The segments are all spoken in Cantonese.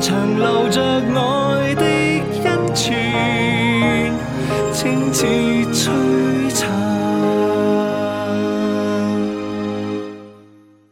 長留着愛的恩泉，清澈璀璨。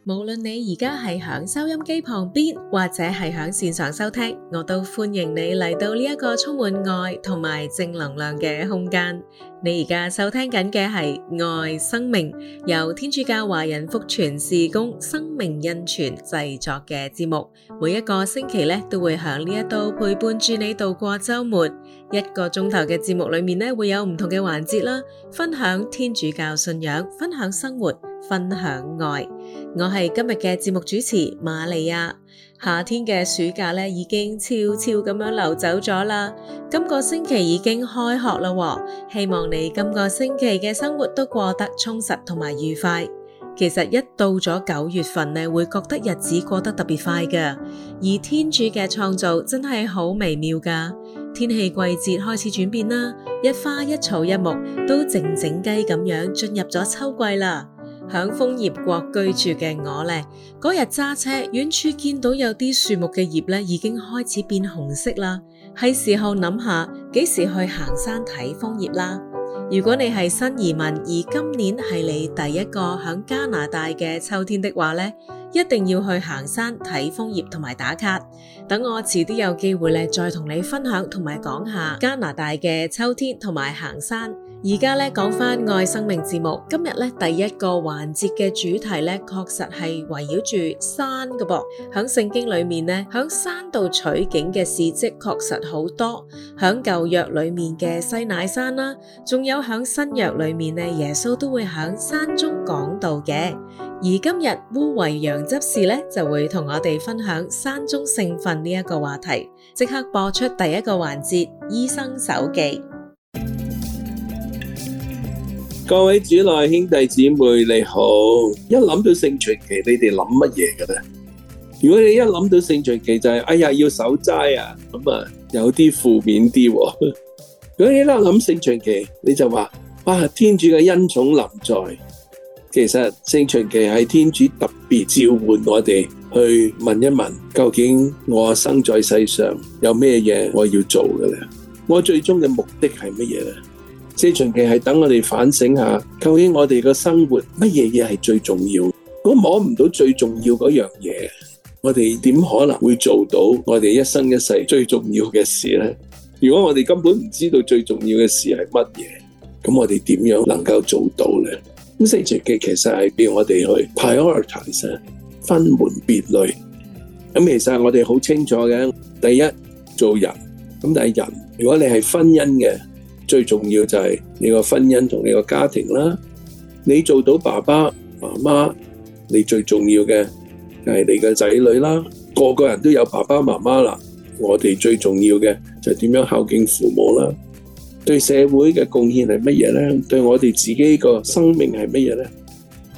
無論你而家係響收音機旁邊，或者係響綫上收聽，我都歡迎你嚟到呢一個充滿愛同埋正能量嘅空間。你而家收聽緊嘅係愛生命，由天主教華人福傳事工生命恩泉製作嘅節目。每一個星期都會響呢一度陪伴住你度過周末一個鐘頭嘅節目裏面咧，會有唔同嘅環節啦，分享天主教信仰，分享生活，分享愛。我係今日嘅節目主持瑪利亞。夏天嘅暑假咧已經悄悄咁樣流走咗啦，今個星期已經開學啦，希望你今個星期嘅生活都過得充實同埋愉快。其實一到咗九月份，你會覺得日子過得特別快嘅。而天主嘅創造真係好微妙㗎，天氣季節開始轉變啦，一花一草一木都靜靜雞咁樣進入咗秋季啦。響楓葉國居住嘅我呢，嗰日揸車，遠處見到有啲樹木嘅葉呢已經開始變紅色啦，係時候諗下幾時去行山睇楓葉啦。如果你係新移民，而今年係你第一個響加拿大嘅秋天的話呢，一定要去行山睇楓葉同埋打卡。等我遲啲有機會呢，再同你分享同埋講下加拿大嘅秋天同埋行山。而家咧，講返愛生命節目，今日咧第一個環節嘅主題咧，確實係圍繞住山嘅噃。響聖經裏面咧，響山度取景嘅事跡確實好多。響舊約裏面嘅西乃山啦，仲有響新約裏面咧，耶穌都會響山中講道嘅。而今日烏維揚執事咧，就會同我哋分享山中聖訓呢一個話題。即刻播出第一個環節，醫生手記。各位主內兄弟姊妹你好，一諗到聖全期，你哋諗乜嘢嘅咧？如果你一諗到聖全期就係哎呀要守齋啊，咁啊有啲負面啲。如果你一諗聖全期，你就話哇天主嘅恩寵臨在，其實聖全期係天主特別召喚我哋去問一問，究竟我生在世上有咩嘢我要做嘅咧？我最終嘅目的係乜嘢咧？四旬期係等我哋反省下，究竟我哋個生活乜嘢嘢係最重要？如果摸唔到最重要嗰樣嘢，我哋點可能會做到我哋一生一世最重要嘅事咧？如果我哋根本唔知道最重要嘅事係乜嘢，咁我哋點樣能夠做到咧？咁四旬期其實係畀我哋去 prioritize，分門別類。咁其實我哋好清楚嘅，第一做人，咁第二人，如果你係婚姻嘅。最重要就係你個婚姻，同你個家庭啦，你做到爸爸媽媽，你最重要嘅就係你嘅仔女啦。個個人都有爸爸媽媽啦，我哋最重要嘅就係點樣孝敬父母啦。對社會嘅貢獻係乜嘢咧？對我哋自己個生命係乜嘢咧？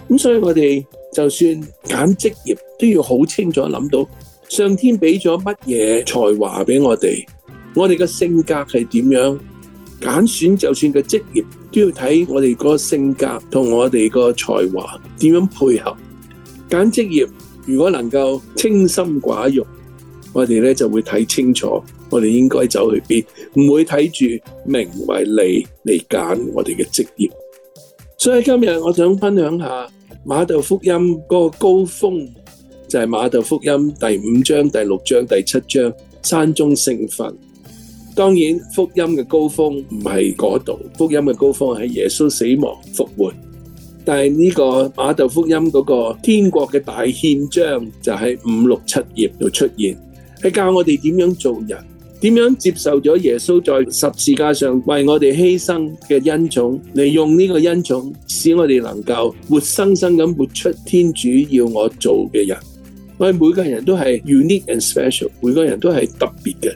咁所以我哋就算揀職業都要好清楚諗到，上天俾咗乜嘢才華俾我哋，我哋嘅性格係點樣？揀選，選就算個職業都要睇我哋個性格同我哋個才華點樣配合。揀職業如果能夠清心寡欲，我哋咧就會睇清楚我哋應該走去邊，唔會睇住名為利嚟，揀我哋嘅職業。所以今日我想分享下馬竇福音嗰個高峰，就係、是、馬竇福音第五章，第六章，第七章山中聖訓。當然福音嘅高峰唔係嗰度，福音嘅高峰係耶穌死亡復活。但係呢個馬竇福音嗰個天國嘅大憲章就喺五六七頁度出現，係教我哋點樣做人，點樣接受咗耶穌在十字架上為我哋犧牲嘅恩寵，嚟用呢個恩寵使我哋能夠活生生咁活出天主要我做嘅人。我哋每個人都係 unique and special，每個人都係特別嘅。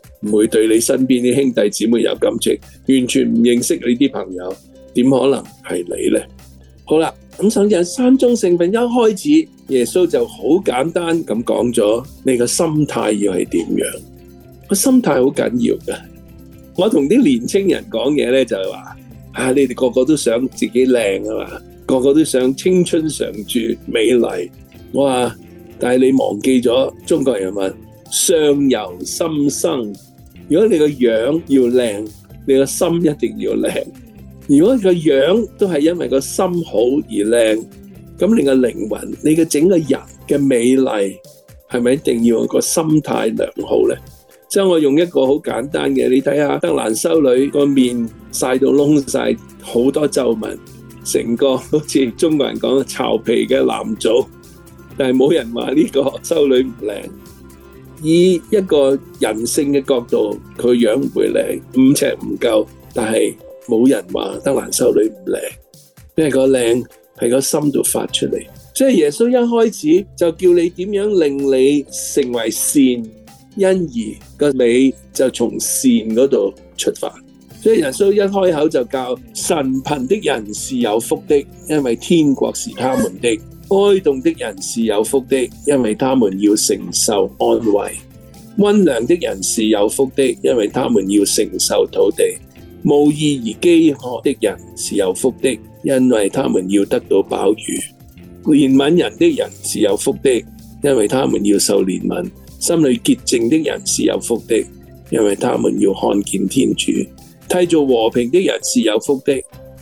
唔會對你身邊啲兄弟姊妹有感情，完全唔認識你啲朋友，點可能係你咧？好啦，咁甚至係山中聖訓一開始，耶穌就好簡單咁講咗，你個心態要係點樣？個心態好緊要噶。我同啲年青人講嘢咧就係話，啊，你哋個個都想自己靚啊嘛，個個都想青春常駐、美麗。我話，但係你忘記咗中國人問，相由心生。如果你個樣要靚，你個心一定要靚。如果你個樣都係因為個心好而靚，咁你個靈魂、你嘅整個人嘅美麗，係咪一定要個心態良好呢？所以我用一個好簡單嘅，你睇下德蘭修女個面曬到窿晒，好多皺紋，成個好似中國人講嘅臭皮嘅藍藻，但係冇人話呢個修女唔靚。以一個人性嘅角度，佢樣唔會靚，五尺唔夠，但係冇人話德蘭修女唔靚，因為個靚係個心度發出嚟。所以耶穌一開始就叫你點樣令你成為善，因而個美就從善嗰度出發。所以耶穌一開口就教「神貧的人是有福的，因為天國是他們的。」開動的人是有福的，因為他們要承受安慰；温良的人是有福的，因為他們要承受土地；無義而飢渴的人是有福的，因為他們要得到飽饫；憐憫人的人是有福的，因為他們要受憐憫；心裏潔淨的人是有福的，因為他們要看見天主；締造和平的人是有福的，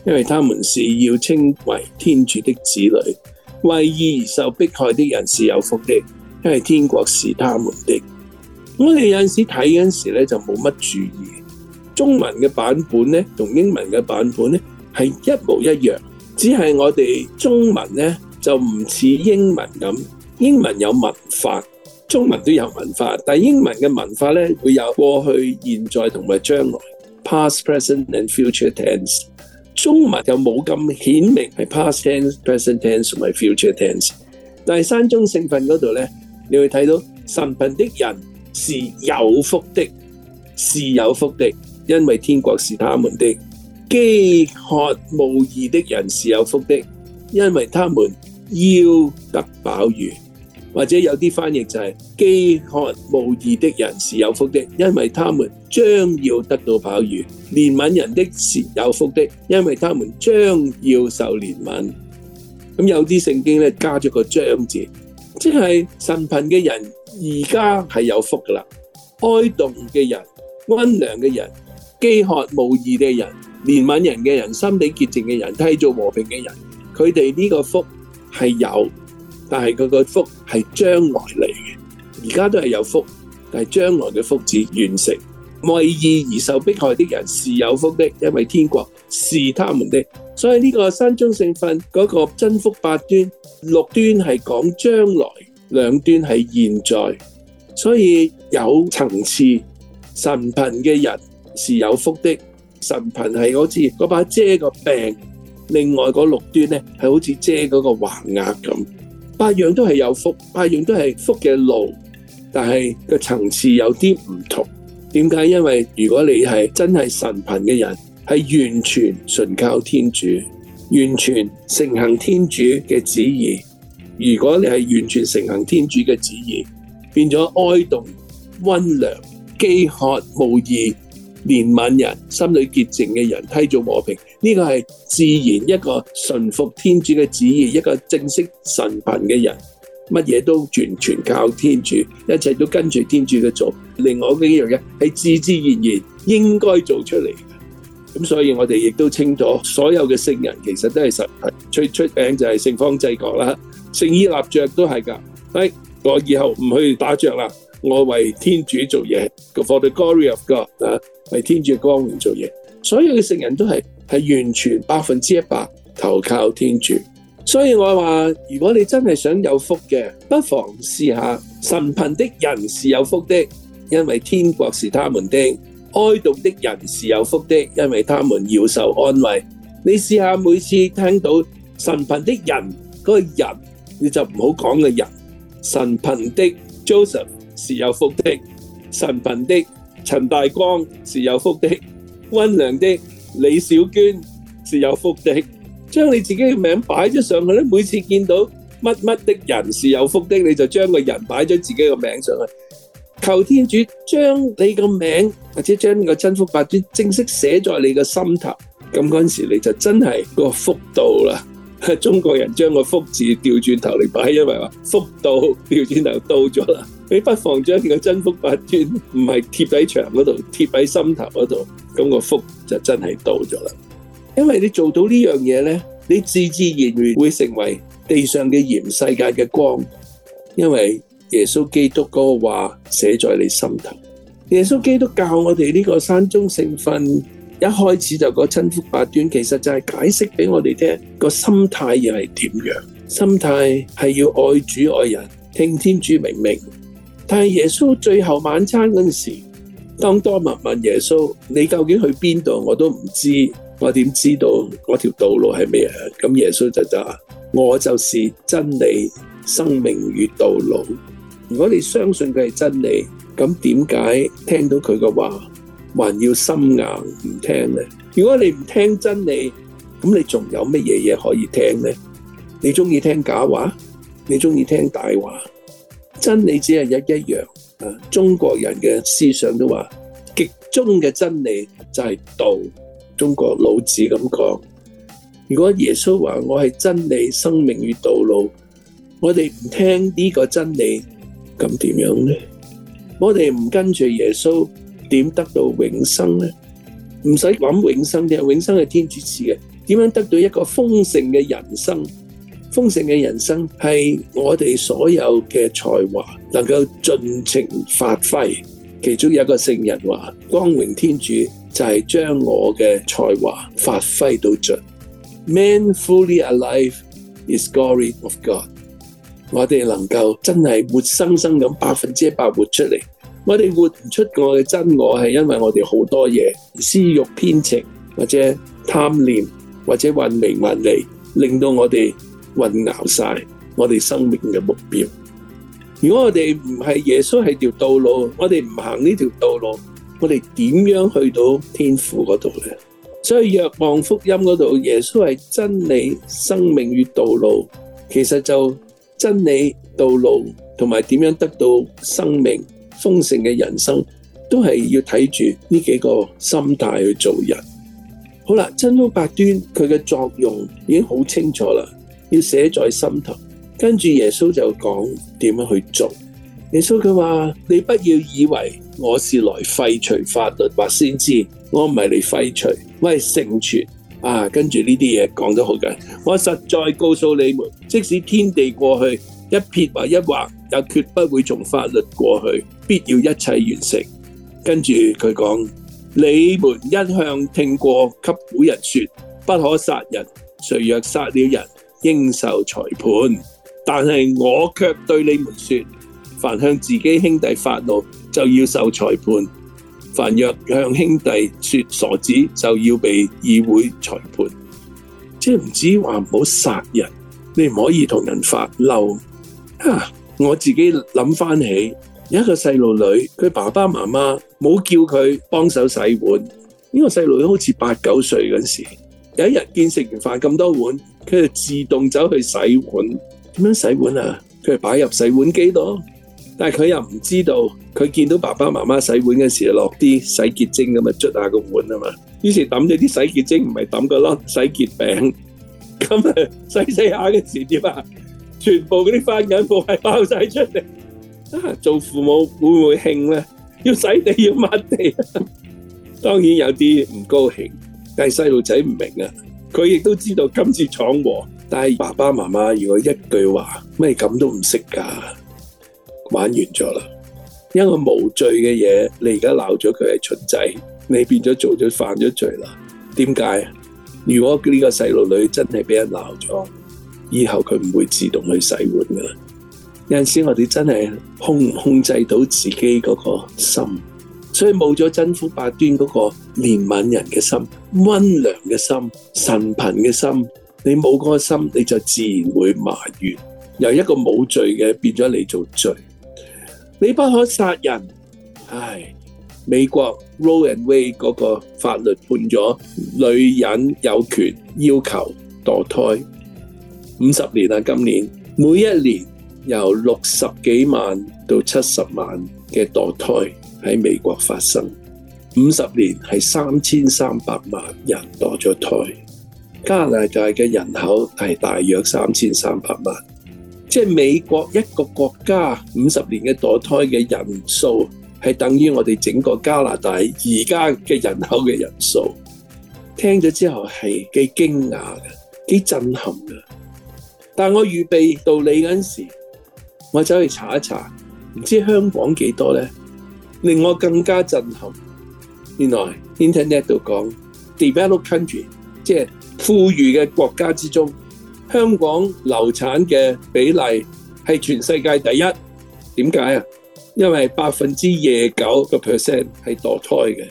因為他們是要稱為天主的子女。為義而受迫害的人是有福的，因為天國是他們的。我哋有陣時睇嗰陣時咧就冇乜注意，中文嘅版本咧同英文嘅版本咧係一模一樣，只係我哋中文咧就唔似英文咁，英文有文化，中文都有文化，但係英文嘅文化咧會有過去、現在同埋將來 （past、present and future tense）。中文就冇咁顯明係 past tense、present tense 或 future tense，但係山中聖訓嗰度咧，你會睇到神貧的人是有福的，是有福的，因為天國是他們的；飢渴慕義的人是有福的，因為他們要得飽飫。或者有啲翻譯就係饑渴慕義的人是有福的，因為他們將要得到飽飫；憐憫人的是有福的，因為他們將要受憐憫。咁有啲聖經咧加咗個將字，即係神貧嘅人而家係有福噶啦。哀慟嘅人、溫良嘅人、饑渴慕義嘅人、憐憫人嘅人、心裡潔淨嘅人、締造和平嘅人，佢哋呢個福係有，但係佢個福。係將來嚟嘅，而家都係有福，但係將來嘅福子完成，為義而受迫害的人是有福的，因為天國是他們的。所以呢個山中聖訓嗰個真福八端六端係講將來，兩端係現在，所以有層次。神貧嘅人是有福的，神貧係好似嗰把遮個柄，另外嗰六端咧係好似遮嗰個橫額咁。八樣都係有福，八樣都係福嘅路，但係個層次有啲唔同。點解？因為如果你係真係神貧嘅人，係完全純靠天主，完全承行天主嘅旨意。如果你係完全承行天主嘅旨意，變咗哀慟、溫良、饑渴、慕義、憐憫人、心裡潔淨嘅人，締造和平。呢個係自然一個順服天主嘅旨意，一個正式神品嘅人，乜嘢都完全靠天主，一切都跟住天主去做。另外嘅呢樣嘢係自自然然應該做出嚟嘅。咁所以我哋亦都清楚，所有嘅聖人其實都係神品，最出，出名就係聖方濟各啦，聖依納爵都係噶。哎，我以後唔去打仗啦，我為天主做嘢，for the glory of God 啊，為天主光榮做嘢。所有嘅聖人都係。係完全百分之一百投靠天主，所以我話如果你真係想有福嘅，不妨試下神貧的人是有福的，因為天國是他們的；哀悼的人是有福的，因為他們要受安慰。你試下每次聽到神貧的人嗰個人，你就唔好講個人，神貧的 Joseph 是有福的，神貧的陳大光是有福的，溫良的。李小娟是有福的，將你自己嘅名擺咗上去咧。每次見到乜乜的人是有福的，你就將個人擺咗自己嘅名上去，求天主將你個名或者將個真福八端正式寫在你嘅心頭。咁嗰陣時你就真係個福到啦。中國人將個福字調轉頭嚟擺，因為話福到調轉頭到咗啦。你不妨將個真福八端唔係貼喺牆嗰度，貼喺心頭嗰度，咁個福就真係到咗啦。因為你做到呢樣嘢呢，你自自然然會成為地上嘅鹽、世界嘅光。因為耶穌基督嗰個話寫在你心頭。耶穌基督教我哋呢個山中聖訓，一開始就講真福八端，其實就係解釋俾我哋聽個心態又係點樣。心態係要愛主愛人，聽天主明明。但係耶穌最後晚餐嗰陣時，當多默問，問耶穌：你究竟去邊度？我都唔知，我點知道嗰條道路係咩啊？咁耶穌就就話：我就是真理，生命與道路。如果你相信佢係真理，咁點解聽到佢嘅話還要心硬唔聽呢？如果你唔聽真理，咁你仲有乜嘢嘢可以聽呢？你中意聽假話？你中意聽大話？真理只係一一樣，啊！中國人嘅思想都話，極中嘅真理就係道。中國老子咁講。如果耶穌話我係真理、生命與道路，我哋唔聽呢個真理，咁點樣咧？我哋唔跟住耶穌，點得到永生咧？唔使諗永生嘅，永生係天主賜嘅。點樣得到一個豐盛嘅人生？豐盛嘅人生係我哋所有嘅才華能夠盡情發揮。其中有一個聖人話：光榮天主就係、是、將我嘅才華發揮到盡。Man fully alive is glory of God。我哋能夠真係活生生咁百分之一百活出嚟。我哋活唔出我嘅真我，係因為我哋好多嘢私欲偏情，或者貪念，或者混名物利，令到我哋。混淆晒我哋生命嘅目標。如果我哋唔係，耶穌係條道路，我哋唔行呢條道路，我哋點樣去到天父嗰度咧？所以《若望福音》嗰度耶穌係真理、生命與道路，其實就真理、道路同埋點樣得到生命豐盛嘅人生，都係要睇住呢幾個心態去做人。好啦，真福八端，佢嘅作用已經好清楚啦。要寫在心頭，跟住耶穌就講點樣去做。耶穌佢話：你不要以為我是來廢除法律或先知，我唔係嚟廢除，我係成全啊！跟住呢啲嘢講得好緊，我實在告訴你們，即使天地過去一撇或一劃，也決不會從法律過去，必要一切完成。跟住佢講：你們一向聽過給古人説，不可殺人，誰若殺了人，應受裁判，但係我卻對你們說：凡向自己兄弟發怒，就要受裁判；凡若向兄弟說傻子，就要被議會裁判。即係唔止話唔好殺人，你唔可以同人發嬲。啊，我自己諗翻起，有一個細路女，佢爸爸媽媽冇叫佢幫手洗碗，呢個細路女好似八九歲嗰時。有一日見食完飯咁多碗，佢就自動走去洗碗。點樣洗碗啊？佢係擺入洗碗機度，但係佢又唔知道，佢見到爸爸媽媽洗碗嗰時就落啲洗潔精咁啊捽下個碗啊嘛。於是抌咗啲洗潔精唔係抌個窿，洗潔餅咁啊洗洗下嘅時點啊，全部嗰啲翻緊布係包晒出嚟。做父母會唔會興咧？要洗地要抹地，當然有啲唔高興。但細路仔唔明啊，佢亦都知道今次闖禍，但係爸爸媽媽如果一句話咩咁都唔識噶，玩完咗啦。因為無罪嘅嘢，你而家鬧咗佢係蠢仔，你變咗做咗犯咗罪啦。點解？如果呢個細路女真係俾人鬧咗，以後佢唔會自動去洗碗噶啦。有陣時我哋真係控唔控制到自己嗰個心。所以冇咗真福八端嗰個憐憫人嘅心、溫良嘅心、神貧嘅心，你冇嗰個心，你就自然會埋怨。由一個冇罪嘅變咗你做罪，你不可殺人。唉，美國 Roe and Wade 嗰個法律判咗女人有權要求墮胎，五十年啦，今年每一年由六十幾萬到七十萬嘅墮胎。喺美國發生五十年係三千三百萬人墮咗胎，加拿大嘅人口係大約三千三百萬，即係美國一個國家五十年嘅墮胎嘅人數係等於我哋整個加拿大而家嘅人口嘅人數。聽咗之後係幾驚訝嘅，幾震撼嘅。但我預備到你嗰時，我走去查一查，唔知香港幾多咧？令我更加震撼，原來 Internet 度講 developed country，即係富裕嘅國家之中，香港流產嘅比例係全世界第一。點解啊？因為百分之廿九個 percent 係墮胎嘅。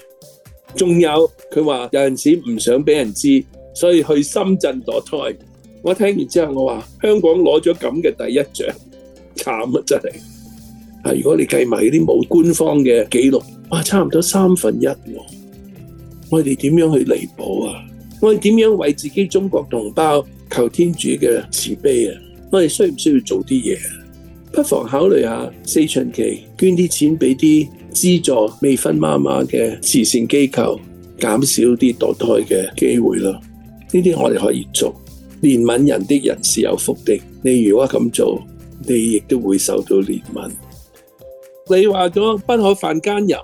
仲有佢話有陣時唔想俾人知，所以去深圳墮胎。我聽完之後，我話香港攞咗咁嘅第一獎，慘啊，真係！啊！如果你計埋嗰啲冇官方嘅記錄，哇，差唔多三分一喎。我哋點樣去彌補啊？我哋點樣為自己中國同胞求天主嘅慈悲啊？我哋需唔需要做啲嘢？不妨考慮下四旬期捐啲錢俾啲資助未婚媽媽嘅慈善機構，減少啲墮胎嘅機會咯。呢啲我哋可以做，憐憫人的人是有福的。你如果咁做，你亦都會受到憐憫。你話咗不可犯奸淫，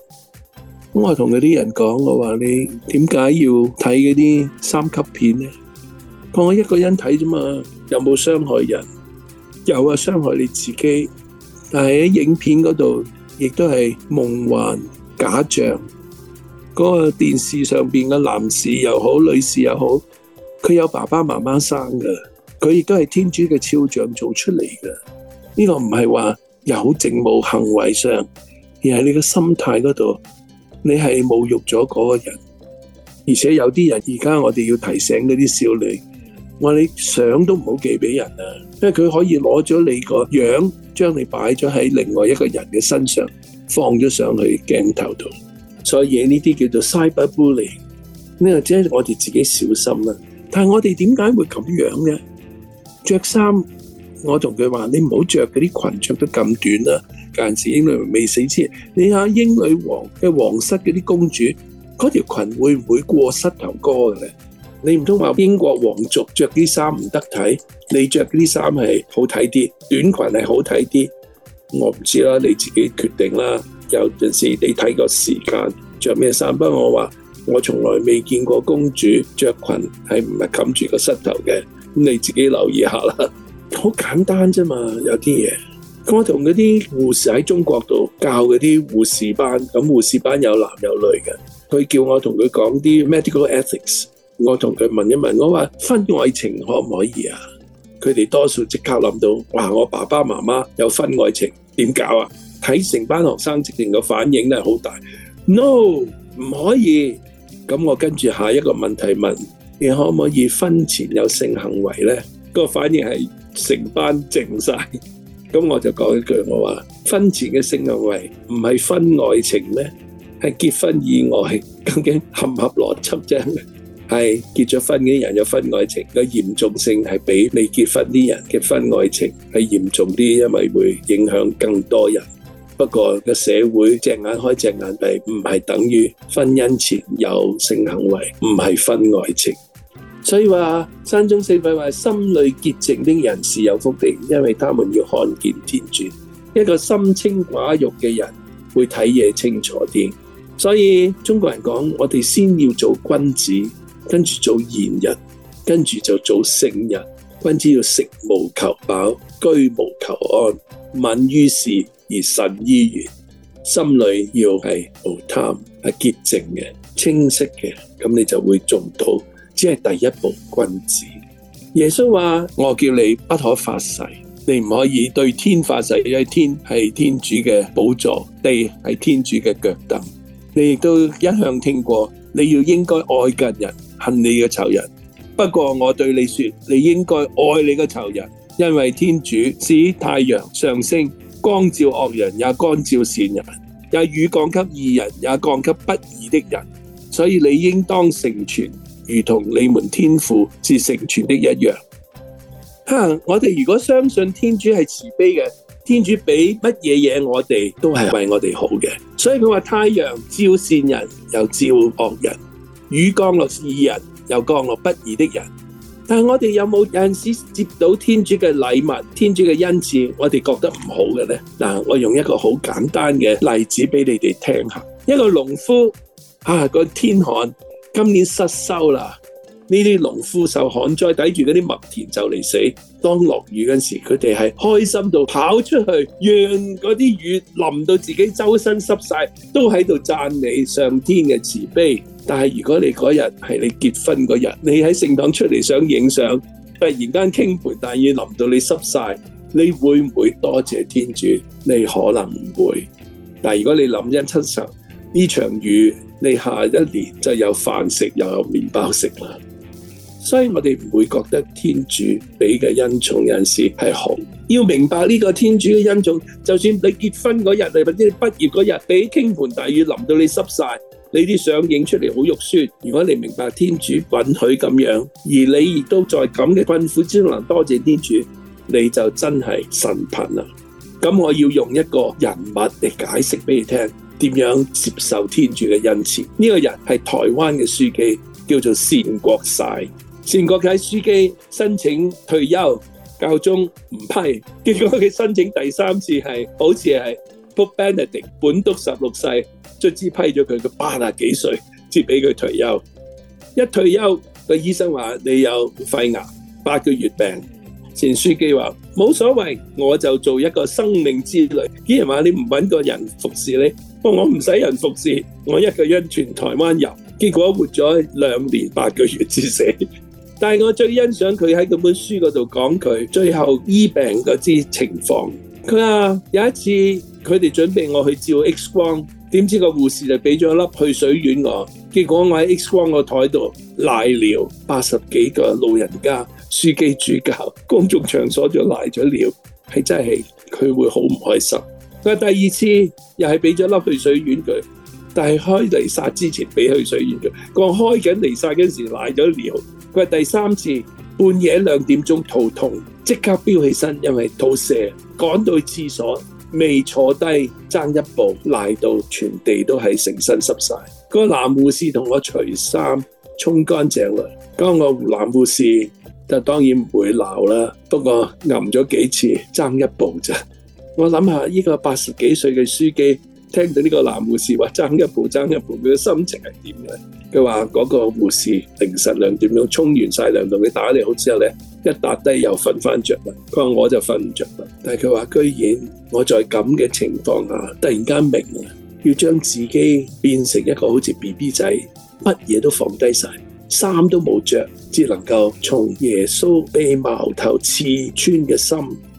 我同嗰啲人講，我話你點解要睇嗰啲三級片咧？我一個人睇啫嘛，有冇傷害人？有啊，傷害你自己。但係喺影片嗰度，亦都係夢幻假象。嗰個電視上邊嘅男士又好，女士又好，佢有爸爸媽媽生嘅，佢亦都係天主嘅肖像做出嚟嘅。呢個唔係話。有正冇行為上，而喺你嘅心態嗰度，你係侮辱咗嗰個人。而且有啲人而家我哋要提醒呢啲少女，我話你想都唔好寄俾人啊，因為佢可以攞咗你個樣，將你擺咗喺另外一個人嘅身上，放咗上去鏡頭度。所以呢啲叫做 cyberbully，你或者我哋自己小心啦。但係我哋點解會咁樣咧？著衫。我同佢話：你唔好着嗰啲裙着得咁短啦！有陣時英女王未死之前，你睇下英女王嘅皇室嗰啲公主，嗰條裙會唔會過膝頭哥嘅咧？你唔通話英國皇族着啲衫唔得睇，你着啲衫係好睇啲，短裙係好睇啲？我唔知啦，你自己決定啦。有陣時你睇個時間着咩衫。不過我話，我從來未見過公主着裙係唔係冚住個膝頭嘅。咁你自己留意下啦。好簡單啫嘛，有啲嘢。咁我同嗰啲護士喺中國度教嗰啲護士班，咁護士班有男有女嘅，佢叫我同佢講啲 medical ethics。我同佢問一問，我話婚外情可唔可以啊？佢哋多數即刻諗到，哇！我爸爸媽媽有婚外情點搞啊？睇成班學生直情個反應咧，好大。No，唔可以。咁我跟住下一個問題問：你可唔可以婚前有性行為呢？個反應係。成班靜曬，咁我就講一句，我話婚前嘅性行為唔係婚外情咩，係結婚以外，究竟合唔合邏輯啫？係結咗婚嘅人有婚外情，個嚴重性係比未結婚啲人嘅婚外情係嚴重啲，因為會影響更多人。不過個社會隻眼開隻眼閉，唔係等於婚姻前有性行為唔係婚外情。所以話山中四品話，心裏潔淨的人是有福的，因為他們要看見天主。一個心清寡欲嘅人會睇嘢清楚啲。所以中國人講，我哋先要做君子，跟住做賢人，跟住就做聖人。君子要食無求飽，居無求安，敏於事而慎於言，心裏要係無貪係潔淨嘅、清晰嘅，咁你就會做到。即係第一步。君子耶穌話：我叫你不可發誓，你唔可以對天發誓。因為天係天主嘅寶座，地係天主嘅腳凳。你亦都一向聽過，你要應該愛近人，恨你嘅仇人。不過我對你說，你應該愛你嘅仇人，因為天主使太陽上升，光照惡人也光照善人，也雨降給義人也降給不義的人，所以你應當成全。如同你們天父是成全的一樣，哈、啊！我哋如果相信天主係慈悲嘅，天主俾乜嘢嘢我哋都係為我哋好嘅。所以佢話太陽照善人又照惡人，雨降落義人又降落不義的人。但係我哋有冇有陣時接到天主嘅禮物、天主嘅恩賜，我哋覺得唔好嘅呢？嗱、啊，我用一個好簡單嘅例子俾你哋聽下：一個農夫啊，個天旱。今年失收啦！呢啲農夫受旱災，抵住嗰啲麥田就嚟死。當落雨嗰時，佢哋係開心到跑出去，讓嗰啲雨淋到自己周身濕晒，都喺度讚你上天嘅慈悲。但係如果你嗰日係你結婚嗰日，你喺聖堂出嚟想影相，突然間傾盆大雨淋到你濕晒，你會唔會多謝天主？你可能唔會。但如果你諗真七神。.呢場雨，你下一年就有飯食，又有麵包食啦。所以我哋唔會覺得天主俾嘅恩寵有陣時係好。要明白呢個天主嘅恩寵，就算你結婚嗰日，你或者你畢業嗰日，俾傾盆大雨淋到你濕晒，你啲相影出嚟，好肉酸。如果你明白天主允許咁樣，而你亦都在咁嘅困苦之中，能多謝天主，你就真係神貧啦。咁我要用一個人物嚟解釋俾你聽。點樣接受天主嘅恩賜？呢、這個人係台灣嘅樞機，叫做善國晒善國曬樞機申請退休，教宗唔批，結果佢申請第三次係，好似係卜班尼迪本篤十六世，卒之批咗佢，嘅八啊幾歲至俾佢退休。一退休，個醫生話：你有肺癌，八個月病。前書記話冇所謂，我就做一個生命之旅。既然話你唔揾個人服侍你，我唔使人服侍，我一個人全台灣遊。結果活咗兩年八個月至死。 但係我最欣賞佢喺嗰本書嗰度講佢最後醫病嗰啲情況。佢話有一次佢哋準備我去照 X 光，點知個護士就俾咗一粒去水丸我。結果我喺 X 光個枱度瀨尿八十幾個老人家。書記主教公眾場所，就賴咗尿，係真係佢會好唔開心。佢第二次又係俾咗粒去水丸佢，但係開彌撒之前俾去水丸佢。個開緊彌撒嗰陣時賴咗尿。佢第三次半夜兩點鐘肚痛，即刻飆起身，因為肚瀉，趕到廁所未坐低爭一步，賴到全地都係成身濕晒。嗰個男護士同我除衫沖乾淨佢，嗰、個男護士。就當然唔會鬧啦，不過吟咗幾次爭一步咋。我諗下呢個八十幾歲嘅書記聽到呢個男護士話爭一步爭一步，佢嘅心情係點嘅？佢話嗰個護士凌晨兩點鐘沖完晒涼，同佢打理好之後咧，一打低又瞓翻着啦。佢話我就瞓唔着啦，但係佢話居然我在咁嘅情況下，突然間明啊，要將自己變成一個好似 B B 仔，乜嘢都放低晒。衫都冇着，只能夠從耶穌被矛頭刺穿嘅心，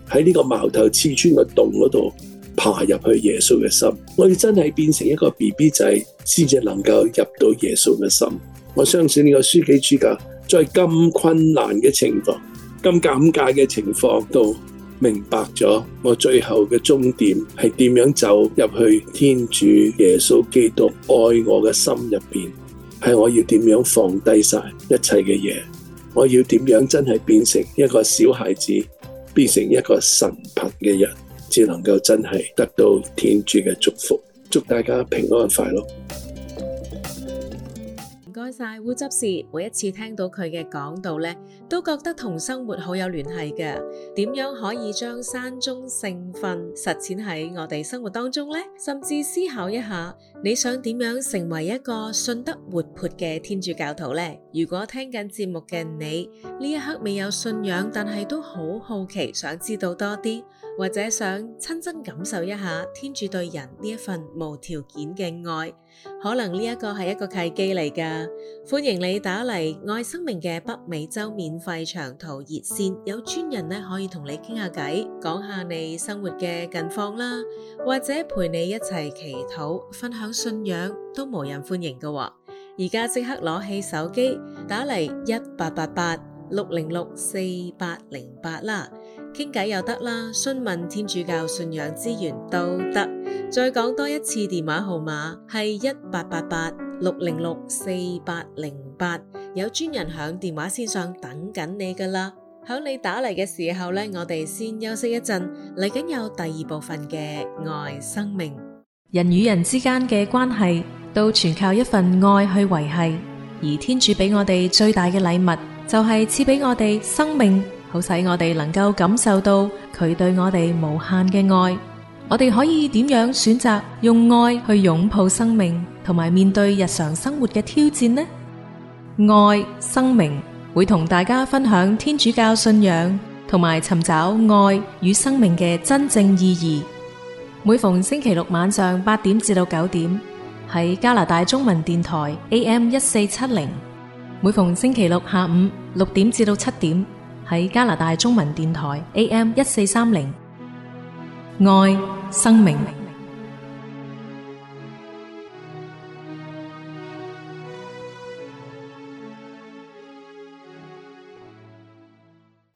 喺呢個矛頭刺穿嘅洞嗰度，爬入去耶穌嘅心。我要真係變成一個 BB 仔，先至能夠入到耶穌嘅心。我相信呢個書記主教，在咁困難嘅情況、咁尷尬嘅情況度，都明白咗我最後嘅終點係點樣走入去天主耶穌基督愛我嘅心入邊。係我要點樣放低晒一切嘅嘢？我要點樣真係變成一個小孩子，變成一個神貧嘅人，至能夠真係得到天主嘅祝福。祝大家平安快樂。開晒烏執事，每一次聽到佢嘅講道咧，都覺得同生活好有聯繫嘅。點樣可以將山中聖訓實踐喺我哋生活當中呢？甚至思考一下，你想點樣成為一個信德活潑嘅天主教徒呢？如果聽緊節目嘅你呢一刻未有信仰，但係都好好奇，想知道多啲，或者想親身感受一下天主對人呢一份無條件嘅愛。可能呢一個係一個契機嚟噶，歡迎你打嚟愛生命嘅北美洲免費長途熱線，有專人咧可以同你傾下偈，講下你生活嘅近況啦，或者陪你一齊祈禱，分享信仰都冇人歡迎噶。而家即刻攞起手機打嚟一八八八六零六四八零八啦。傾偈又得啦，詢問天主教信仰資源都得。再講多一次電話號碼係一八八八六零六四八零八，有專人響電話線上等緊你噶啦。響你打嚟嘅時候呢，我哋先休息一陣，嚟緊有第二部分嘅愛生命。人與人之間嘅關係都全靠一份愛去維繫，而天主俾我哋最大嘅禮物就係賜俾我哋生命，好使我哋能夠感受到佢對我哋無限嘅愛，我哋可以點樣選擇用愛去擁抱生命，同埋面對日常生活嘅挑戰呢？愛生命會同大家分享天主教信仰，同埋尋找愛與生命嘅真正意義。每逢星期六晚上八點至到九點，喺加拿大中文電台 AM 一四七零；每逢星期六下午六點至到七點。喺加拿大中文電台 AM 一四三零，愛生命。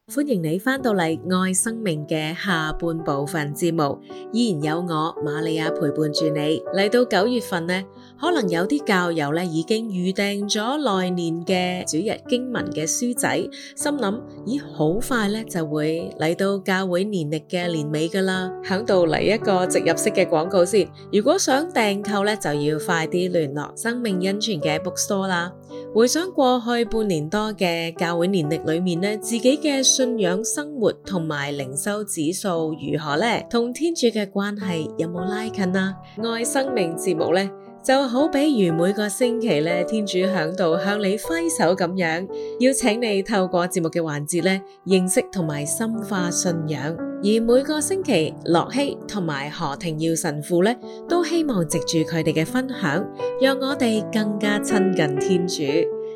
歡迎你翻到嚟愛生命嘅下半部分節目，依然有我瑪利亞陪伴住你。嚟到九月份呢，可能有啲教友呢已經預訂咗來年嘅主日經文嘅書仔，心諗咦好快呢就會嚟到教會年曆嘅年尾噶啦。響度嚟一個植入式嘅廣告先，如果想訂購呢，就要快啲聯絡生命恩泉嘅 bookstore 啦。回想過去半年多嘅教會年曆裏面呢，自己嘅信仰生活同埋靈修指數如何呢？同天主嘅關係有冇拉近啊？愛生命節目呢。就好比如每個星期天主向你揮手咁樣，要請你透過節目嘅環節咧，認識同埋深化信仰。而每個星期，駱曦同埋何庭耀神父都希望藉住佢哋嘅分享，讓我哋更加親近天主。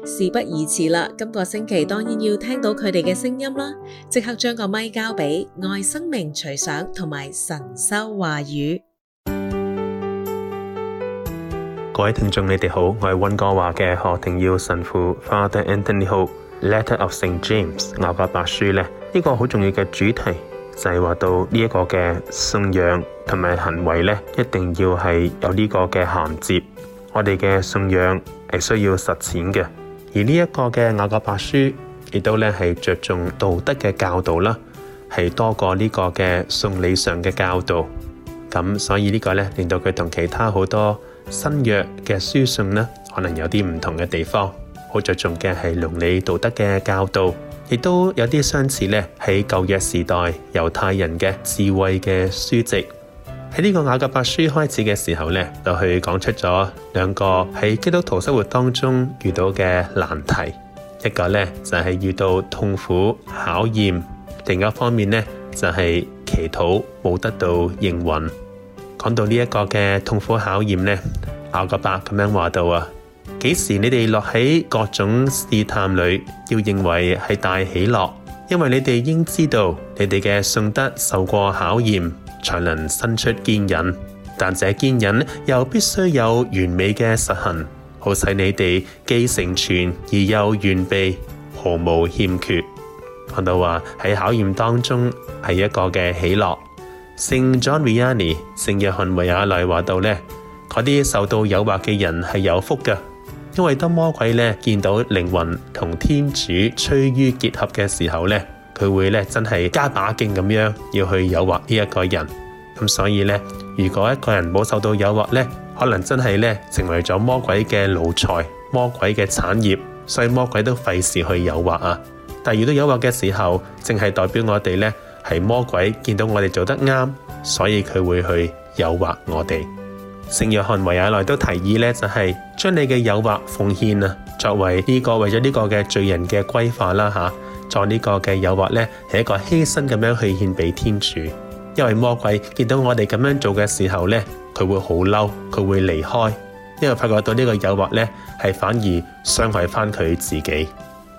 事不宜遲啦，今個星期當然要聽到佢哋嘅聲音啦，即刻將個麥交俾愛生命隨想同埋神修話語。各位聽眾，你哋好，我係溫哥華嘅何庭耀神父 Father Anthony Ho。Letter of St James《雅各伯書》咧，呢個好重要嘅主題就係話到呢一個嘅信仰同埋行為咧，一定要係有呢個嘅銜接。我哋嘅信仰係需要實踐嘅，而呢一個嘅《雅各伯書》亦都咧係着重道德嘅教導啦，係多過呢個嘅送禮上嘅教導。咁所以個呢個咧令到佢同其他好多。新約嘅書信呢，可能有啲唔同嘅地方，好着重嘅係倫理道德嘅教導，亦都有啲相似呢，喺舊約時代，猶太人嘅智慧嘅書籍，喺呢個雅各伯書開始嘅時候呢，就去講出咗兩個喺基督徒生活當中遇到嘅難題，一個呢，就係遇到痛苦考驗，另一方面呢，就係祈禱冇得到應允。講到呢一個嘅痛苦考驗呢，雅各伯咁樣話道啊：幾時你哋落喺各種試探裏，要認為係大喜樂，因為你哋應知道你哋嘅信德受過考驗，才能生出堅忍。但這堅忍又必須有完美嘅實行，好使你哋既成全而又完備，毫無欠缺。講到話喺考驗當中係一個嘅喜樂。聖 John Vianney 聖約翰維亞內，話到呢，嗰啲受到誘惑嘅人係有福噶因為當魔鬼呢見到靈魂同天主趨於結合嘅時候呢，佢會呢真係加把勁咁樣要去誘惑呢一個人。咁所以呢，如果一個人冇受到誘惑呢，可能真係呢成為咗魔鬼嘅奴才、魔鬼嘅產業，所以魔鬼都費事去誘惑啊。但遇到誘惑嘅時候，淨係代表我哋呢。係魔鬼見到我哋做得啱，所以佢會去誘惑我哋。聖約翰維也萊都提議咧，就係、是、將你嘅誘惑奉獻、這個、啊，作為呢個為咗呢個嘅罪人嘅歸化啦吓，作呢個嘅誘惑咧係一個犧牲咁樣去獻俾天主。因為魔鬼見到我哋咁樣做嘅時候咧，佢會好嬲，佢會離開，因為發覺到個誘呢個誘惑咧係反而傷害翻佢自己。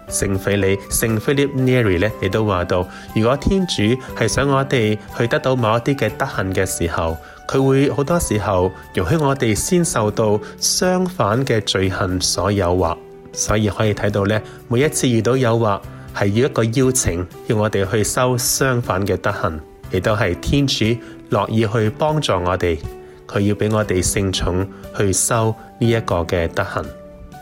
聖腓里聖 Philip Neri 咧，亦都話到：如果天主係想我哋去得到某一啲嘅德行嘅時候，佢會好多時候容許我哋先受到相反嘅罪行所誘惑。所以可以睇到咧，每一次遇到誘惑，係要一個邀請，要我哋去修相反嘅德行，亦都係天主樂意去幫助我哋，佢要俾我哋聖寵去修呢一個嘅德行。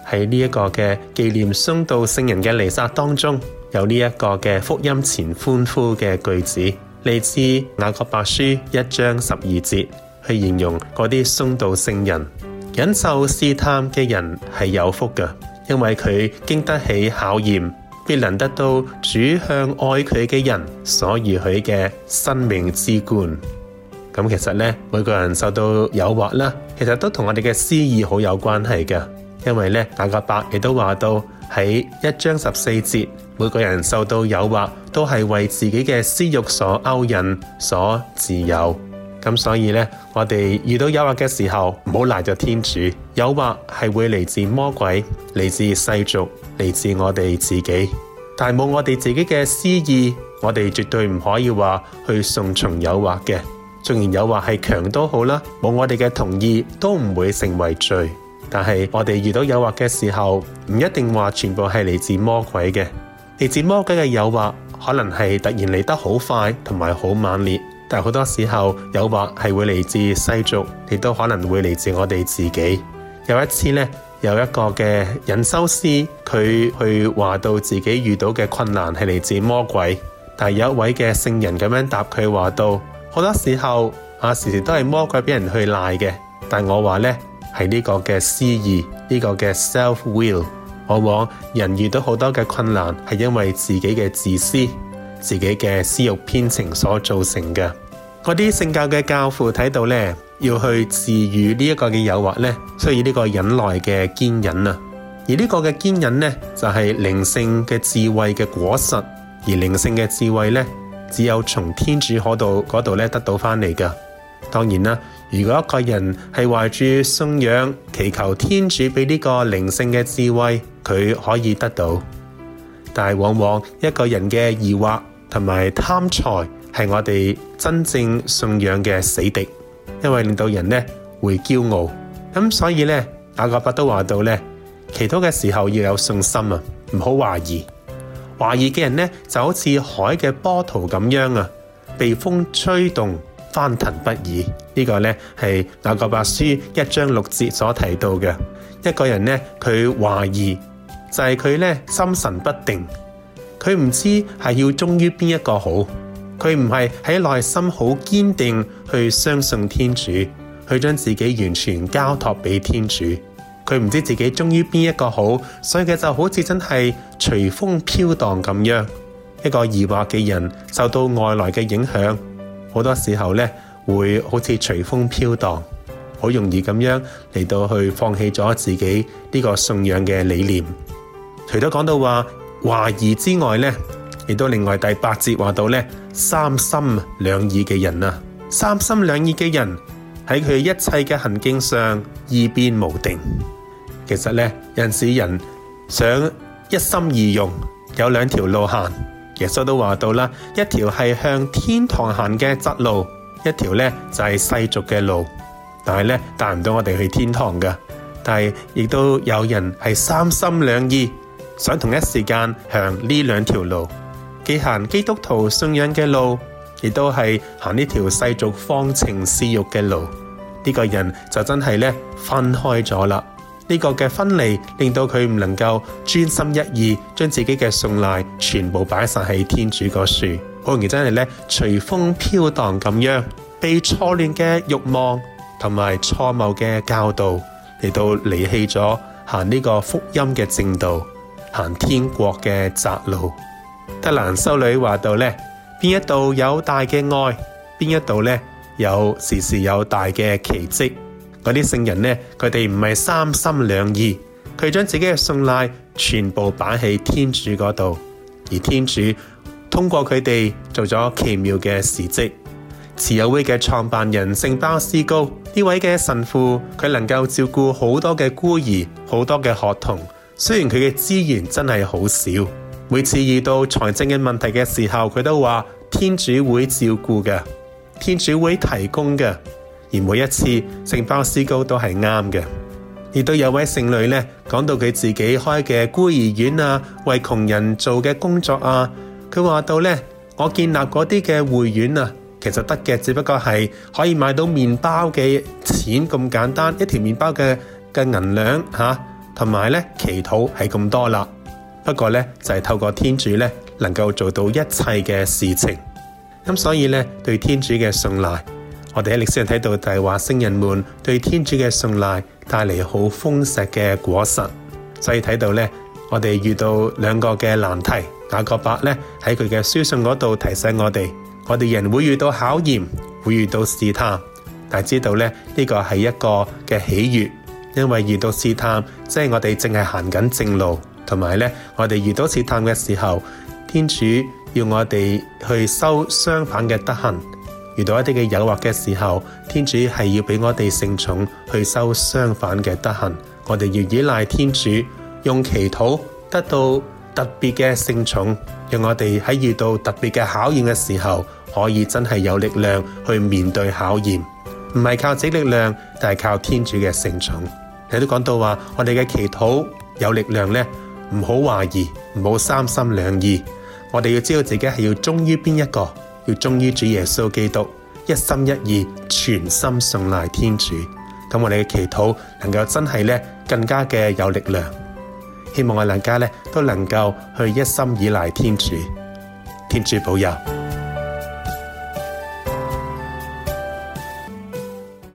喺呢一個嘅紀念松道聖人嘅彌撒當中，有呢一個嘅福音前歡呼嘅句子，嚟自雅各伯書一章十二節，去形容嗰啲松道聖人忍受試探嘅人係有福噶，因為佢經得起考驗，必能得到主向愛佢嘅人，所預許嘅生命之冠。咁其實呢，每個人受到誘惑啦，其實都同我哋嘅私意好有關係噶。因為呢，雅各伯亦都話到喺一章十四節，每個人受到誘惑，都係為自己嘅私欲所勾引、所自由。咁所以呢，我哋遇到誘惑嘅時候，唔好賴咗天主。誘惑係會嚟自魔鬼、嚟自世俗、嚟自我哋自己。但係冇我哋自己嘅私意，我哋絕對唔可以話去順從誘惑嘅。縱然誘惑係強都好啦，冇我哋嘅同意，都唔會成為罪。但係我哋遇到誘惑嘅時候，唔一定話全部係嚟自魔鬼嘅，嚟自魔鬼嘅誘惑可能係突然嚟得好快同埋好猛烈。但係好多時候誘惑係會嚟自世俗，亦都可能會嚟自我哋自己。有一次呢，有一個嘅隱修士，佢去話到自己遇到嘅困難係嚟自魔鬼，但係有一位嘅聖人咁樣答佢話到，好多時候啊，時時都係魔鬼俾人去賴嘅，但我話呢。係呢個嘅私意，呢個嘅 self will，往往人遇到好多嘅困難，係因為自己嘅自私、自己嘅私欲偏情所造成嘅。我啲聖教嘅教父睇到呢，要去治癒呢一個嘅誘惑呢，需要呢個忍耐嘅堅忍啊。而呢個嘅堅忍呢，就係靈性嘅智慧嘅果實。而靈性嘅智慧呢，只有從天主可到嗰度咧得到翻嚟嘅。當然啦。如果一個人係懷住信仰，祈求天主俾呢個靈性嘅智慧，佢可以得到。但係往往一個人嘅疑惑同埋貪財，係我哋真正信仰嘅死敵，因為令到人呢會驕傲。咁、嗯、所以呢，阿伯伯都話到呢：「祈禱嘅時候要有信心啊，唔好懷疑。懷疑嘅人呢，就好似海嘅波濤咁樣啊，被風吹動。」翻騰不已，呢、這個呢，係《雅各伯書》一章六節所提到嘅一個人呢，佢懷疑就係、是、佢呢，心神不定，佢唔知係要忠於邊一個好，佢唔係喺內心好堅定去相信天主，去將自己完全交託俾天主，佢唔知自己忠於邊一個好，所以佢就好似真係隨風飄蕩咁樣，一個疑惑嘅人受到外來嘅影響。好多時候咧，會好似隨風飄蕩，好容易咁樣嚟到去放棄咗自己呢個信仰嘅理念。除咗講到話懷疑之外咧，亦都另外第八節話到咧，三心兩意嘅人啊，三心兩意嘅人喺佢一切嘅行徑上易變無定。其實咧，有陣時人，想一心二用，有兩條路行。耶穌都話到啦，一條係向天堂行嘅窄路，一條呢就係世俗嘅路，但係呢，帶唔到我哋去天堂噶。但係亦都有人係三心兩意，想同一時間行呢兩條路，既行基督徒信仰嘅路，亦都係行呢條世俗放情嗜欲嘅路，呢、這個人就真係呢，分開咗啦。呢個嘅分離令到佢唔能夠專心一意，將自己嘅信賴全部擺晒喺天主個樹，好容易真係咧隨風飄蕩咁樣，被錯亂嘅欲望同埋錯謬嘅教導嚟到離棄咗行呢個福音嘅正道，行天國嘅窄路。德蘭修女話到呢邊一度有大嘅愛，邊一度呢有時時有大嘅奇蹟。嗰啲聖人呢，佢哋唔係三心兩意，佢將自己嘅信賴全部擺喺天主嗰度，而天主通過佢哋做咗奇妙嘅事蹟。慈幼會嘅創辦人聖鮑思高，呢位嘅神父，佢能夠照顧好多嘅孤兒、好多嘅學童，雖然佢嘅資源真係好少，每次遇到財政嘅問題嘅時候，佢都話天主會照顧嘅，天主會提供嘅。而每一次聖鮑思高都係啱嘅，亦都有位聖女咧講到佢自己開嘅孤兒院啊，為窮人做嘅工作啊，佢話到咧，我建立嗰啲嘅會院啊，其實得嘅，只不過係可以買到麵包嘅錢咁簡單，一條麵包嘅嘅銀兩吓，同埋咧祈禱係咁多啦。不過咧就係、是、透過天主咧，能夠做到一切嘅事情，咁所以咧對天主嘅信賴。我哋喺歷史上睇到，就係話聖人們對天主嘅信賴帶嚟好豐碩嘅果實。所以睇到呢，我哋遇到兩個嘅難題。雅各伯呢，喺佢嘅書信嗰度提醒我哋，我哋人會遇到考驗，會遇到試探。但係知道呢，呢、呢個係一個嘅喜悅，因為遇到試探，即係我哋淨係行緊正路，同埋呢，我哋遇到試探嘅時候，天主要我哋去修相反嘅德行。遇到一啲嘅誘惑嘅時候，天主係要俾我哋聖寵去收相反嘅德行，我哋要依賴天主，用祈禱得到特別嘅聖寵，讓我哋喺遇到特別嘅考驗嘅時候，可以真係有力量去面對考驗，唔係靠自己力量，但係靠天主嘅聖寵。你都講到話，我哋嘅祈禱有力量呢，唔好懷疑，唔好三心兩意，我哋要知道自己係要忠於邊一個。要忠於主耶穌基督，一心一意，全心信賴天主。咁我哋嘅祈禱能夠真係咧更加嘅有力量。希望我哋大家咧都能夠去一心以賴天主。天主保佑。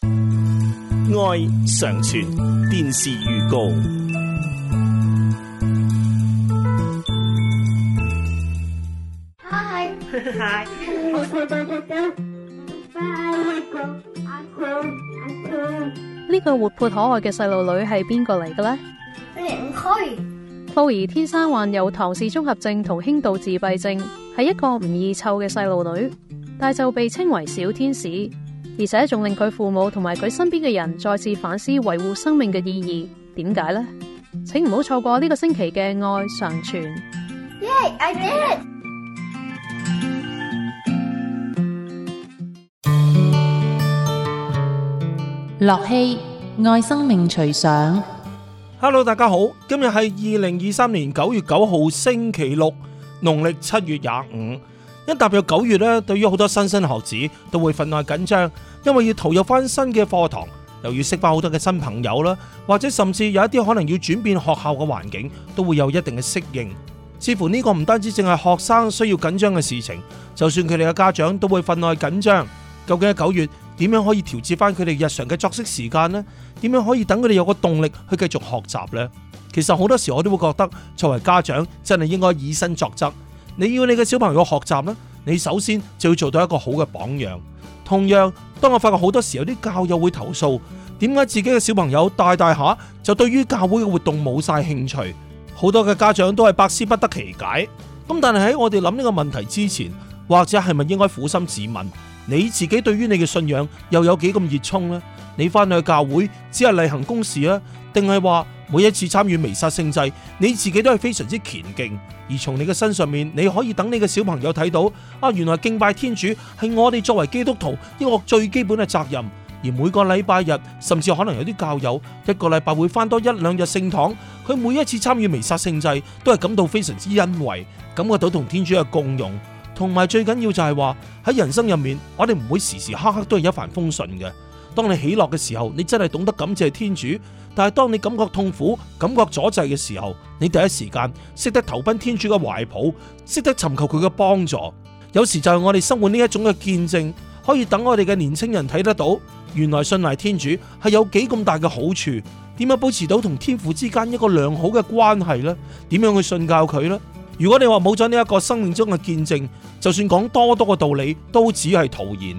愛常傳。電視預告。Hi。Hi。呢個活潑可愛嘅細路女係邊個嚟嘅呢？Faye 天生患有唐氏綜合症同輕度自閉症，係一個唔易湊嘅細路女，但就被稱為小天使，而且仲令佢父母同埋佢身邊嘅人再次反思維護生命嘅意義。點解呢？請唔好錯過呢個星期嘅愛常存。Yeah, 駱曦愛生命隨想，Hello，大家好，今日係二零二三年九月九號星期六，農曆七月廿五。一踏入九月咧，對於好多新生學子都會分外緊張，因為要投入翻新嘅課堂，又要識翻好多嘅新朋友啦，或者甚至有一啲可能要轉變學校嘅環境，都會有一定嘅適應。似乎呢個唔單止淨係學生需要緊張嘅事情，就算佢哋嘅家長都會分外緊張。究竟喺九月？點樣可以調節翻佢哋日常嘅作息時間呢？點樣可以等佢哋有個動力去繼續學習呢？其實好多時我都會覺得，作為家長真係應該以身作則。你要你嘅小朋友學習呢，你首先就要做到一個好嘅榜樣。同樣，當我發覺好多時有啲教友會投訴，點解自己嘅小朋友大大下就對於教會嘅活動冇晒興趣？好多嘅家長都係百思不得其解。咁但係喺我哋諗呢個問題之前，或者係咪應該苦心自問？你自己對於你嘅信仰又有幾咁熱衷呢？你翻去教會只係例行公事啊，定係話每一次參與彌撒聖祭，你自己都係非常之虔敬。而從你嘅身上面，你可以等你嘅小朋友睇到啊，原來敬拜天主係我哋作為基督徒一個最基本嘅責任。而每個禮拜日，甚至可能有啲教友一個禮拜會翻多一兩日聖堂，佢每一次參與彌撒聖祭都係感到非常之欣慰，感覺到同天主嘅共融。同埋最緊要就係話喺人生入面，我哋唔會時時刻刻都係一帆風順嘅。當你喜樂嘅時候，你真係懂得感謝天主；但係當你感覺痛苦、感覺阻滯嘅時候，你第一時間識得投奔天主嘅懷抱，識得尋求佢嘅幫助。有時就係我哋生活呢一種嘅見證，可以等我哋嘅年青人睇得到，原來信賴天主係有幾咁大嘅好處。點樣保持到同天父之間一個良好嘅關係呢？點樣去信教佢呢？如果你話冇咗呢一個生命中嘅見證，就算講多多嘅道理，都只係徒然。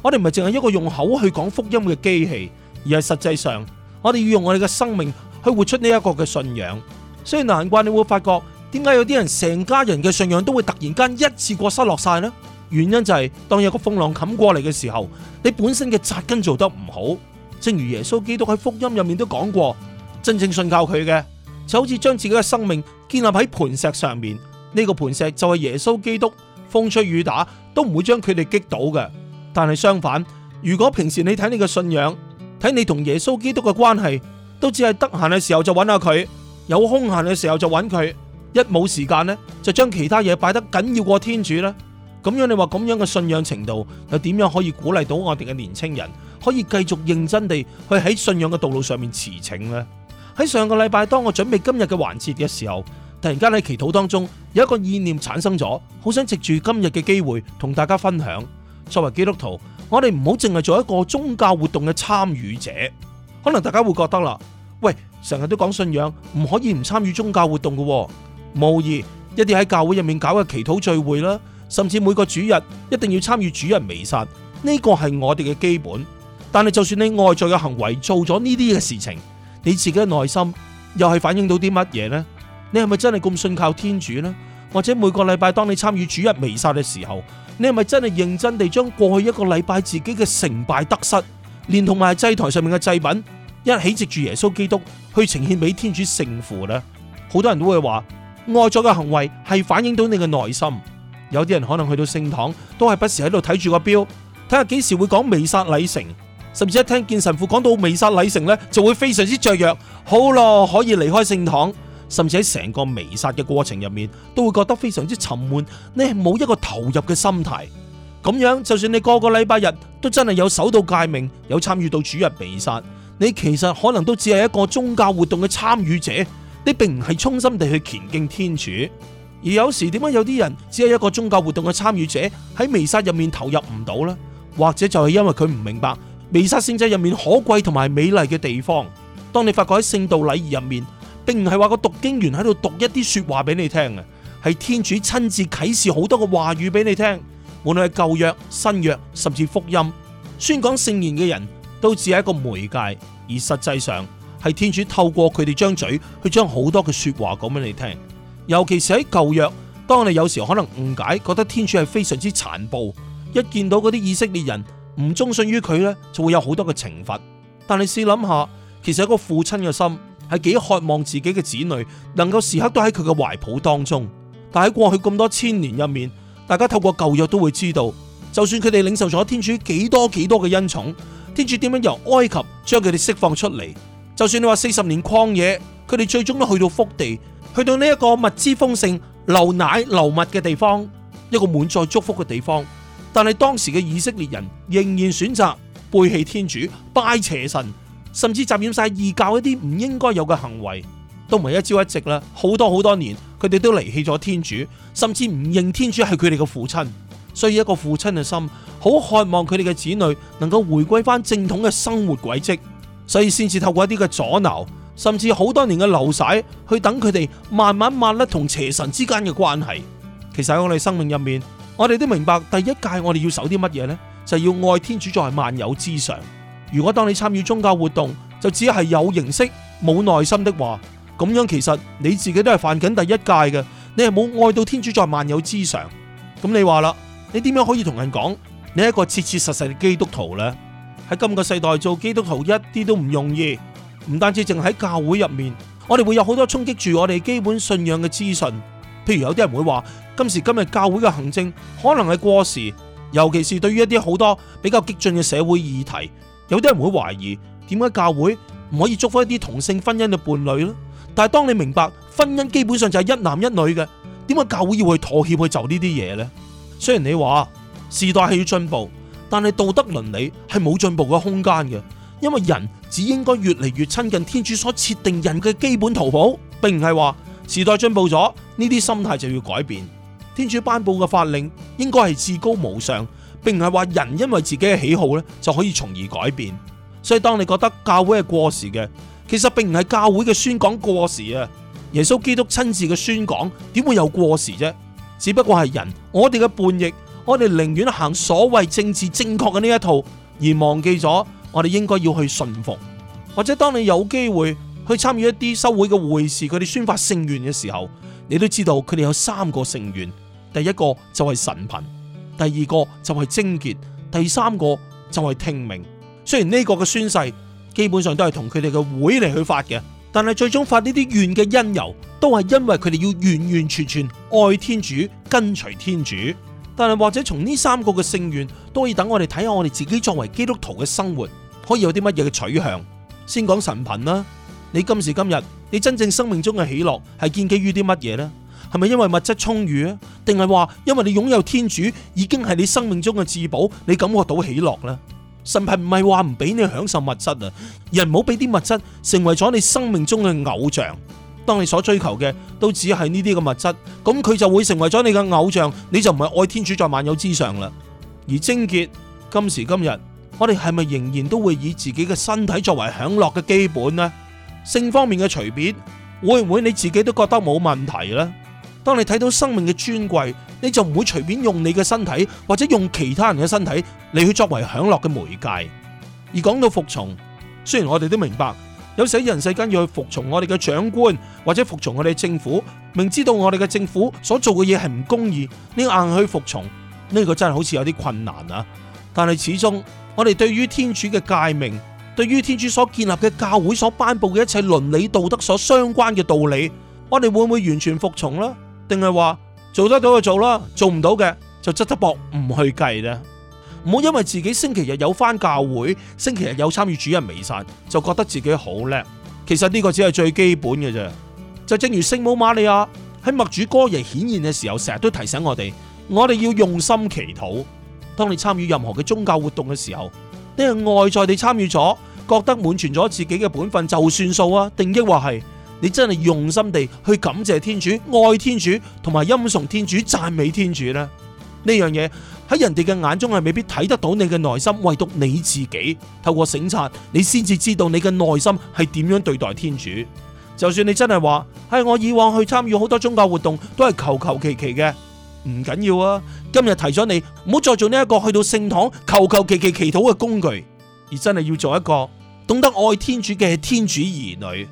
我哋唔係淨係一個用口去講福音嘅機器，而係實際上，我哋要用我哋嘅生命去活出呢一個嘅信仰。所以難怪你會發覺，點解有啲人成家人嘅信仰都會突然間一次過失落晒呢？原因就係當有個風浪冚過嚟嘅時候，你本身嘅扎根做得唔好。正如耶穌基督喺福音入面都講過，真正信靠佢嘅，就好似將自己嘅生命建立喺磐石上面，呢個磐石就係耶穌基督，風吹雨打都唔會將佢哋擊倒嘅。但係相反，如果平時你睇你嘅信仰，睇你同耶穌基督嘅關係，都只係得閒嘅時候就揾下佢，有空閒嘅時候就揾佢，一冇時間呢，就將其他嘢擺得緊要過天主呢。咁樣你話咁樣嘅信仰程度又點樣可以鼓勵到我哋嘅年青人可以繼續認真地去喺信仰嘅道路上面馳騁呢？喺上個禮拜，當我準備今日嘅環節嘅時候，突然間喺祈禱當中有一個意念產生咗，好想藉住今日嘅機會同大家分享。作為基督徒，我哋唔好淨係做一個宗教活動嘅參與者。可能大家會覺得啦，喂，成日都講信仰，唔可以唔參與宗教活動嘅。無疑，一啲喺教會入面搞嘅祈禱聚會啦，甚至每個主日一定要參與主日彌撒，呢個係我哋嘅基本。但係就算你外在嘅行為做咗呢啲嘅事情，你自己嘅內心又係反映到啲乜嘢呢？你係咪真係咁信靠天主呢？或者每個禮拜當你參與主日彌撒嘅時候，你係咪真係認真地將過去一個禮拜自己嘅成敗得失，連同埋祭台上面嘅祭品，一起藉住耶穌基督去呈獻俾天主聖父呢？好多人都會話，外在嘅行為係反映到你嘅內心。有啲人可能去到聖堂，都係不時喺度睇住個表，睇下幾時會講彌撒禮成。甚至一聽見神父講到微殺禮成咧，就會非常之雀躍。好咯，可以離開聖堂，甚至喺成個微殺嘅過程入面都會覺得非常之沉悶。你係冇一個投入嘅心態，咁樣就算你個個禮拜日都真係有守到戒命，有參與到主日微殺，你其實可能都只係一個宗教活動嘅參與者，你並唔係衷心地去虔敬天主。而有時點解有啲人只係一個宗教活動嘅參與者喺微殺入面投入唔到呢？或者就係因為佢唔明白。彌撒聖祭入面可貴同埋美麗嘅地方，當你發覺喺聖道禮儀入面，並唔係話個讀經員喺度讀一啲說話俾你聽嘅，係天主親自啟示好多嘅話語俾你聽，無論係舊約、新約，甚至福音。宣講聖言嘅人都只係一個媒介，而實際上係天主透過佢哋張嘴去將好多嘅說話講俾你聽。尤其是喺舊約，當你有時候可能誤解，覺得天主係非常之殘暴，一見到嗰啲以色列人。唔忠信於佢呢，就會有好多嘅懲罰。但你試諗下，其實一個父親嘅心係幾渴望自己嘅子女能夠時刻都喺佢嘅懷抱當中。但喺過去咁多千年入面，大家透過舊約都會知道，就算佢哋領受咗天主幾多幾多嘅恩寵，天主點樣由埃及將佢哋釋放出嚟？就算你話四十年曠野，佢哋最終都去到福地，去到呢一個物資豐盛、流奶流蜜嘅地方，一個滿載祝福嘅地方。但係當時嘅以色列人仍然選擇背棄天主、拜邪神，甚至浸染晒異教一啲唔應該有嘅行為，都唔係一朝一夕啦，好多好多年，佢哋都離棄咗天主，甚至唔認天主係佢哋嘅父親。所以一個父親嘅心，好渴望佢哋嘅子女能夠回歸翻正統嘅生活軌跡，所以先至透過一啲嘅阻撓，甚至好多年嘅流徙，去等佢哋慢慢抹甩同邪神之間嘅關係。其實喺我哋生命入面，我哋都明白第一戒，我哋要守啲乜嘢呢？就係要愛天主在萬有之上。如果當你參與宗教活動，就只係有形式冇耐心的話，咁樣其實你自己都係犯緊第一戒嘅。你係冇愛到天主在萬有之上。咁你話啦，你點樣可以同人講你一個切切實實嘅基督徒呢？喺今個世代做基督徒一啲都唔容易，唔單止淨喺教會入面，我哋會有好多衝擊住我哋基本信仰嘅資訊。譬如有啲人會話。今時今日教會嘅行政可能係過時，尤其是對於一啲好多比較激進嘅社會議題，有啲人會懷疑點解教會唔可以祝福一啲同性婚姻嘅伴侶呢？但係當你明白婚姻基本上就係一男一女嘅，點解教會要去妥協去做呢啲嘢呢？雖然你話時代係要進步，但係道德倫理係冇進步嘅空間嘅，因為人只應該越嚟越親近天主所設定人嘅基本圖譜，並唔係話時代進步咗呢啲心態就要改變。天主頒布嘅法令應該係至高無上，並唔係話人因為自己嘅喜好咧就可以從而改變。所以當你覺得教會係過時嘅，其實並唔係教會嘅宣講過時啊。耶穌基督親自嘅宣講點會有過時啫？只不過係人我哋嘅叛逆，我哋寧願行所謂政治正確嘅呢一套，而忘記咗我哋應該要去信服。或者當你有機會去參與一啲修會嘅會事，佢哋宣發聖願嘅時候，你都知道佢哋有三個聖願。第一個就係神貧，第二個就係貞潔，第三個就係聽命。雖然呢個嘅宣誓，基本上都係同佢哋嘅會嚟去發嘅，但係最終發呢啲願嘅因由，都係因為佢哋要完完全全愛天主、跟隨天主。但係或者從呢三個嘅聖願，都可以等我哋睇下我哋自己作為基督徒嘅生活，可以有啲乜嘢嘅取向。先講神貧啦，你今時今日，你真正生命中嘅喜樂係建基於啲乜嘢呢？係咪因為物質充裕啊？定係話因為你擁有天主已經係你生命中嘅至寶，你感覺到喜樂呢？神貧唔係話唔俾你享受物質啊！人唔好俾啲物質成為咗你生命中嘅偶像。當你所追求嘅都只係呢啲嘅物質，咁佢就會成為咗你嘅偶像，你就唔係愛天主在萬有之上啦。而貞潔今時今日，我哋係咪仍然都會以自己嘅身體作為享樂嘅基本呢？性方面嘅隨便，會唔會你自己都覺得冇問題呢？當你睇到生命嘅尊貴，你就唔會隨便用你嘅身體或者用其他人嘅身體嚟去作為享樂嘅媒介。而講到服從，雖然我哋都明白有時人世間要去服從我哋嘅長官或者服從我哋政府，明知道我哋嘅政府所做嘅嘢係唔公義，你硬去服從呢個真係好似有啲困難啊。但係始終我哋對於天主嘅誡命，對於天主所建立嘅教會所頒布嘅一切倫理道德所相關嘅道理，我哋會唔會完全服從呢？定係話做得到就做啦，做唔到嘅就執得薄唔去計啦。唔好因為自己星期日有返教會，星期日有參與主日彌撒，就覺得自己好叻。其實呢個只係最基本嘅啫。就正如聖母瑪利亞喺默主哥耶顯現嘅時候，成日都提醒我哋，我哋要用心祈禱。當你參與任何嘅宗教活動嘅時候，你係外在地參與咗，覺得滿全咗自己嘅本分就算數啊？定抑或係？你真係用心地去感謝天主、愛天主同埋欽崇天主、讚美天主呢。呢樣嘢，喺人哋嘅眼中係未必睇得到你嘅內心，唯獨你自己透過省察，你先至知道你嘅內心係點樣對待天主。就算你真係話，係我以往去參與好多宗教活動都係求求其其嘅，唔緊要啊。今日提咗你，唔好再做呢一個去到聖堂求求其其祈禱嘅工具，而真係要做一個懂得愛天主嘅天主兒女。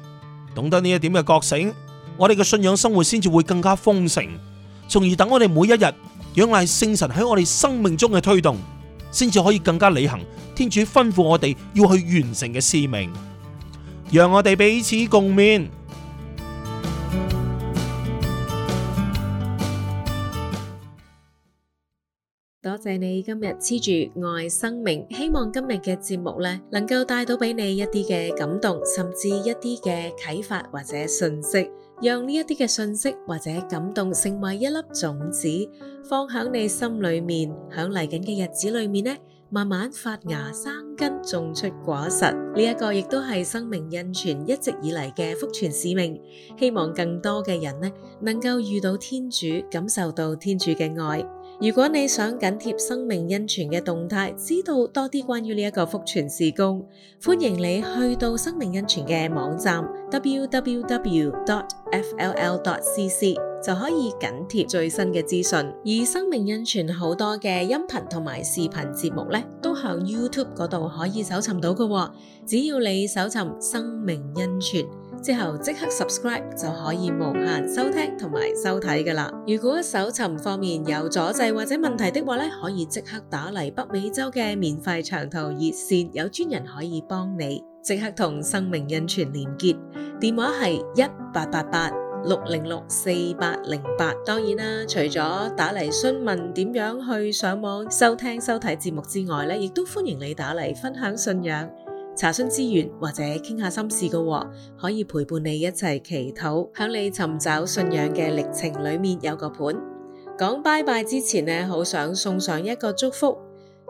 懂得呢一點嘅覺醒，我哋嘅信仰生活先至會更加豐盛，從而等我哋每一日仰賴聖神喺我哋生命中嘅推動，先至可以更加履行天主吩咐我哋要去完成嘅使命。讓我哋彼此共勉。多謝你今日黐住愛生命，希望今日嘅節目咧，能夠帶到俾你一啲嘅感動，甚至一啲嘅啟發或者信息，讓呢一啲嘅信息或者感動成為一粒種子，放響你心裏面，響嚟緊嘅日子裏面咧，慢慢發芽生根，種出果實。呢一個亦都係生命印傳一直以嚟嘅福傳使命。希望更多嘅人咧，能夠遇到天主，感受到天主嘅愛。如果你想緊貼生命恩泉嘅動態，知道多啲關於呢一個福傳事工，歡迎你去到生命恩泉嘅網站 w w w. dot f l l. dot c c 就可以緊貼最新嘅資訊。而生命恩泉好多嘅音頻同埋視頻節目咧，都喺 YouTube 嗰度可以搜尋到嘅、哦。只要你搜尋生命恩泉，之後即刻 subscribe 就可以無限收聽同埋收睇噶啦。如果搜尋方面有阻滯或者問題的話咧，可以即刻打嚟北美洲嘅免費長途熱線，有專人可以幫你即刻同生命印傳連結。電話係一八八八六零六四八零八。當然啦，除咗打嚟詢問點樣去上網收聽收睇節目之外咧，亦都歡迎你打嚟分享信仰。查詢資源或者傾下心事嘅喎，可以陪伴你一齊祈禱，喺你尋找信仰嘅歷程裏面有個伴。講拜拜之前呢，好想送上一個祝福，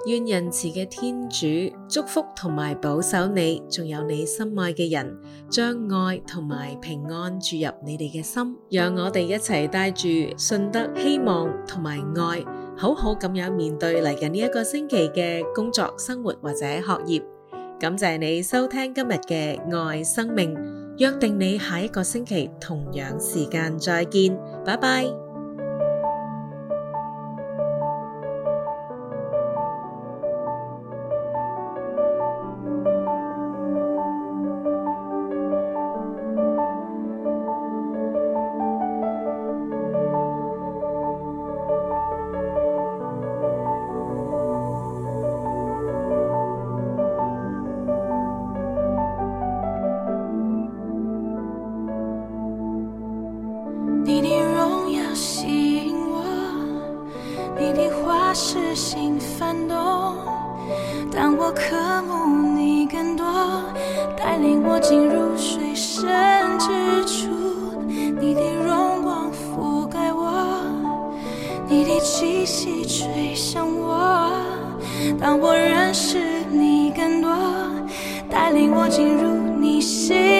願仁慈嘅天主祝福同埋保守你，仲有你心愛嘅人，將愛同埋平安注入你哋嘅心。讓我哋一齊帶住信德、希望同埋愛，好好咁樣面對嚟緊呢一個星期嘅工作、生活或者學業。感謝你收聽今日嘅愛生命，約定你下一個星期同樣時間再見，拜拜。我進入你心。